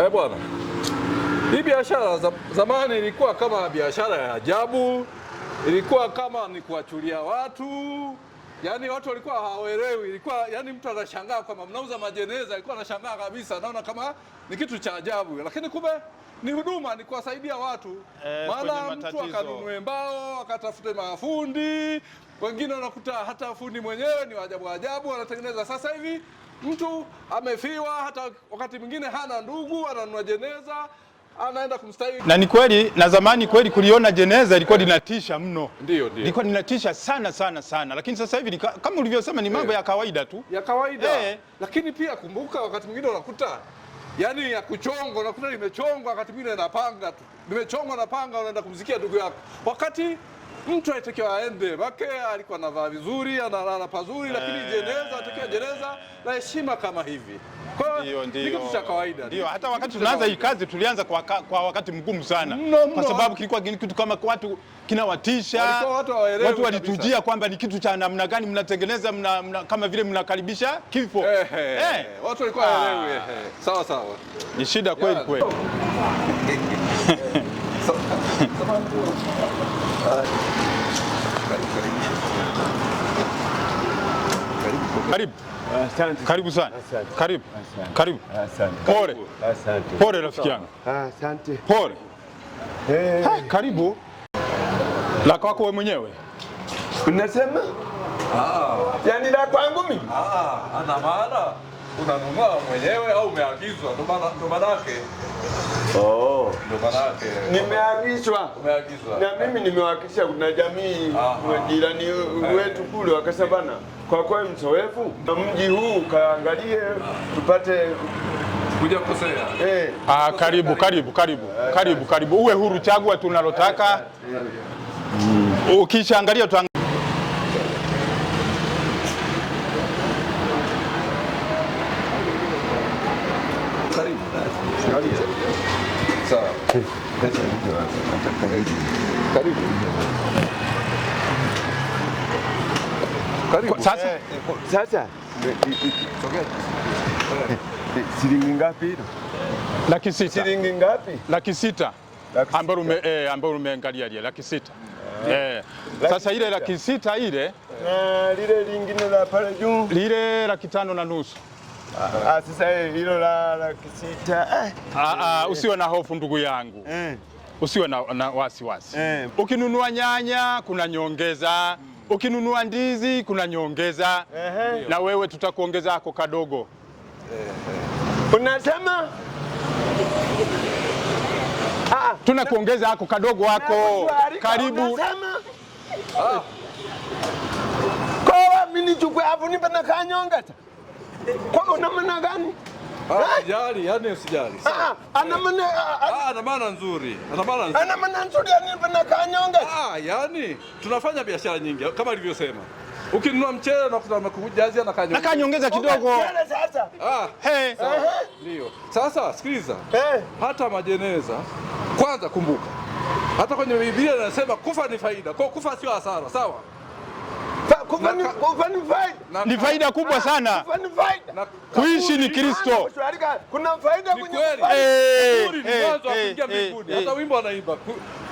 Eh, bwana, hii biashara zamani ilikuwa kama biashara ya ajabu, ilikuwa kama ni kuachulia watu, yaani watu walikuwa hawaelewi, ilikuwa yaani mtu anashangaa kama mnauza majeneza, alikuwa anashangaa kabisa, naona kama ni kitu cha ajabu, lakini kumbe ni huduma, ni kuwasaidia watu eh, maana mtu akanunue mbao akatafute mafundi wengine unakuta hata fundi mwenyewe ni waajabu ajabu, anatengeneza sasa hivi. Mtu amefiwa, hata wakati mwingine hana ndugu, ananunua jeneza anaenda kumstahili. Na ni kweli, na zamani kweli kuliona jeneza ilikuwa eh. linatisha mno, ndio ndio, ilikuwa linatisha sana sana sana, lakini sasa hivi kama ulivyosema ni mambo eh. ya kawaida tu ya kawaida e. Lakini pia kumbuka, wakati mwingine unakuta yani ya kuchongwa, unakuta limechongwa, wakati mwingine na panga tu limechongwa na panga, unaenda kumzikia ndugu yako wakati mtu alitakiwa aende make alikuwa anavaa vizuri, analala pazuri, lakini jeneza atakiwa jeneza la heshima kama hivi. Kwa hiyo kitu cha kawaida. Ndio, hata wakati tunaanza hii kazi tulianza kwa, kwa wakati mgumu sana no, kwa sababu kilikuwa kitu kama watu kinawatisha watu, watu walitujia kwamba ni kitu cha namna gani mnatengeneza mna, mna, kama vile mnakaribisha kifo eh, eh. Watu walikuwa hawaelewi eh. Sawa sawa, ni shida kweli kweli. Karibu. Asante. Karibu sana. Asante. Karibu. Asante. Karibu. Asante. Pole. Asante. Pole rafiki yangu. Asante. Pole. Eh. Hey. karibu. La kwako wewe mwenyewe. Unasema? Ah. Yaani la kwangu mimi? Ah, ana maana unanunua mwenyewe au umeagizwa? maana Ndo maana yake. Nimeagizwa na mimi nimewakilisha, kuna jamii jirani eh. wetu kule wakasema bana, kwa kweli msoefu na mji huu kaangalie tupate kuja kusema. Eh, ah, karibu karibu karibu karibu karibu, uwe huru, chagua tunalotaka eh, eh, ukishaangalia Sasa sasa shilingi ngapi Laki sita. Shilingi ngapi? Laki sita. ume eh, umeangalia ile laki sita. Eh. eh. Sasa ile laki sita ile na lile lingine la pale juu. Lile laki tano na nusu. Ah, sasa hilo la la kisita, eh. ah, ah, usiwe na hofu ndugu yangu eh. Usiwe na, na wasiwasi eh. Ukinunua nyanya kuna nyongeza mm. Ukinunua ndizi kuna nyongeza eh. Na wewe tutakuongeza ako kadogo eh. Unasema tunakuongeza ako kadogo ako karibu mimi nichukue afu nipe na kanyonga kwa una maana gani? Ah, eh? yaani Usijali, yani ah, usijali. Ah, ana maana ah, ana maana nzuri. Ana maana nzuri. Ana maana nzuri yani pana kanyonga. Ah, yani tunafanya biashara nyingi kama alivyosema. Ukinunua mchele na kuna kujazia na kanyongeza. Na kanyongeza kidogo. Mchele sasa. Ah. Hey. Eh. Ndio. Sasa sikiliza. Hey. Eh. Hata majeneza kwanza kumbuka. Hata kwenye Biblia inasema kufa ni faida. Kwa kufa sio hasara, sawa? ni faida kubwa ah, sana kuishi ni Kristo. Kuna faida eh, eh, eh,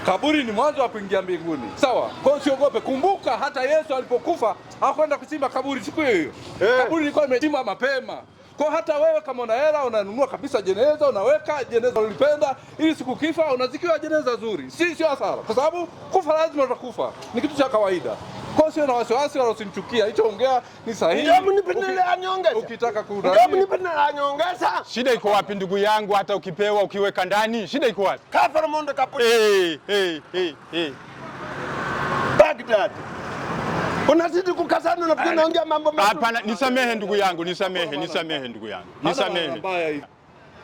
kaburi ni mwanzo wa kuingia mbinguni. Sawa, kwa usiogope, kumbuka hata Yesu alipokufa hakwenda kuchimba kaburi siku hiyo hiyo, hey. Kaburi ilikuwa imechimbwa mapema. Kwa hata wewe kama una hela unanunua kabisa jeneza, unaweka jeneza ulipenda, ili siku kifa unazikiwa jeneza zuri, si sio hasara, kwa sababu kufa lazima utakufa, ni kitu cha kawaida. Kwa sio na wasiwasi wala usinichukia. Alichoongea ni sahihi. Ndio mnipendelea anyongeza. Ukitaka kurudia. Ndio mnipendelea nyongeza. Shida iko wapi ndugu yangu hata ukipewa ukiweka ndani? Shida iko wapi? Kafara mondo kapo. Eh eh eh eh. Bagdad. Unazidi kukazana na pia naongea mambo mengi. Hapana, nisamehe ndugu yangu, nisamehe, nisamehe ndugu yangu. Nisamehe.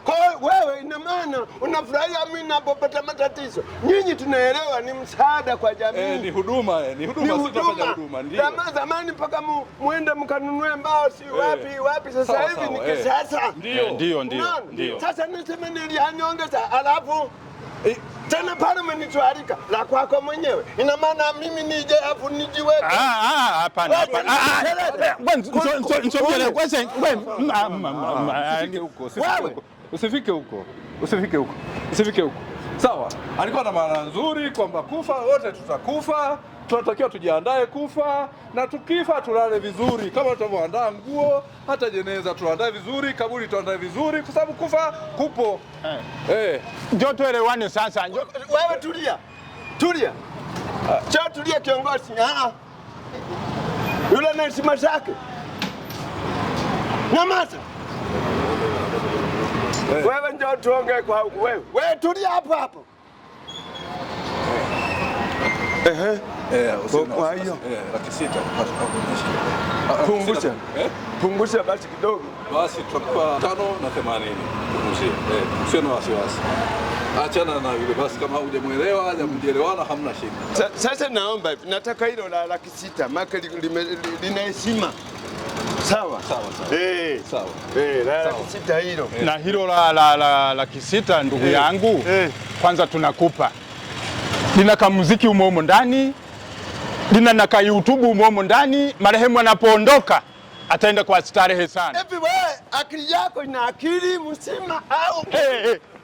Kwa wewe, ina maana unafurahia mimi ninapopata matatizo. Nyinyi tunaelewa ni msaada kwa jamii eh, ni huduma eh, ni huduma, huduma. Jamaa zamani mpaka mu, muende mkanunue mbao si wapi eh, wapi sasa hivi ni kisasa eh, ndio ndio. Sasa niseme nilihanyongeza alafu eh, tena pale umenitwarika la kwako mwenyewe, ina maana mimi nije afu nijiweke? Hapana, hapana, Usifike huko, usifike huko, usifike huko. Sawa, alikuwa na maana nzuri kwamba kufa wote tutakufa, tunatakiwa tujiandae kufa, na tukifa tulale vizuri kama tunavyoandaa nguo. Hata jeneza tuandae vizuri, kaburi tuandae vizuri, kwa sababu kufa kupo. Eh. Eh. Ndio tuelewane sasa. Wewe tulia, tulia, cha tulia, kiongozi ah, ah. yule na heshima zake na wewe njoo tuongee kwa huku. Wewe wewe tulia hapo hapo. Ehe. Eh, eh Kwa hiyo eh, ah, Pungusha. Eh? Pungusha basi kidogo, basi tutakupa tano na themanini. Sio na wasiwasi, achana na yule basi. Kama hujamuelewa hujamwelewa hujamjelewana, hamna shida. Sasa naomba hivi, nataka hilo la laki sita, maana lina heshima sawa eh, sawa eh, la kisita hilo na hilo la, la, la, la kisita ndugu hey, eh. yangu hey. Eh. Kwanza tunakupa lina kamuziki umomo ndani lina na ka YouTube umomo ndani. Marehemu anapoondoka ataenda kwa starehe sana. Hivi akili yako ina akili msima au? hey, eh, hey.